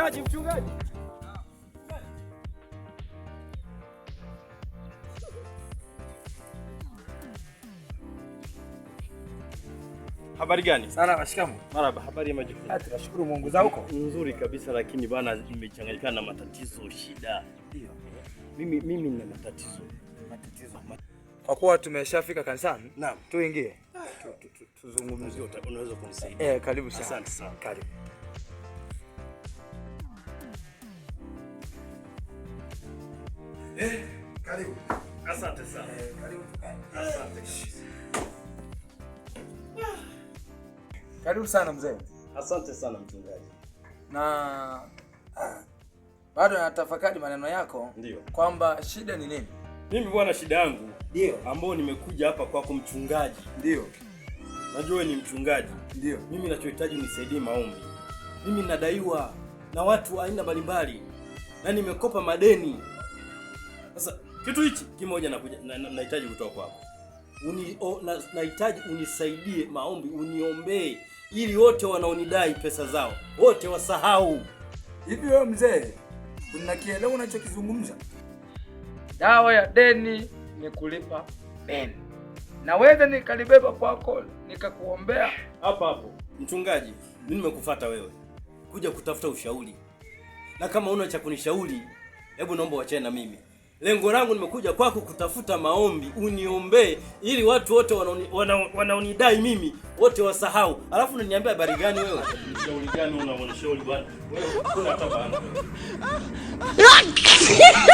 Mchungaji, mchungaji. Habari gani? Salama, shikamoo. Marhaba, habari ya majukumu? Ah, tunashukuru Mungu za huko. Nzuri kabisa lakini bana nimechanganyikana na matatizo shida. Ndio. Mimi mimi nina matatizo. Matatizo. Kwa kuwa tumeshafika kanisani, naam, tuingie. Tuzungumzie, unaweza kunisaidia. Eh, karibu sana. Asante sana. Karibu. karibu. Asante sana. Asante. Karibu sana mzee. Asante sana mchungaji. Na bado natafakari maneno yako kwamba shida ni nini? Mimi bwana, shida yangu ndio ambao nimekuja hapa kwako mchungaji. Ndio. Najua wewe ni mchungaji. Ndio. Mimi ninachohitaji nisaidie maombi. Mimi nadaiwa na watu aina mbalimbali na nimekopa madeni sasa kitu hichi kimoja nahitaji kutoka kwako, nahitaji unisaidie maombi, uniombee ili wote wanaonidai pesa zao wote wasahau. Hivi wewe mzee, unakielewa unachokizungumza? Dawa ya deni ni kulipa deni. Naweza nikalibeba kwako nikakuombea hapo hapo. Mchungaji, mimi nimekufuata wewe kuja kutafuta ushauri, na kama una cha kunishauri, hebu naomba wachane na mimi lengo langu nimekuja kwako kutafuta maombi, uniombee ili watu wote wanaonidai wana, mimi wote wasahau. Alafu unaniambia habari gani wewe? Mshauri gani? Una bwana wewe, kuna hata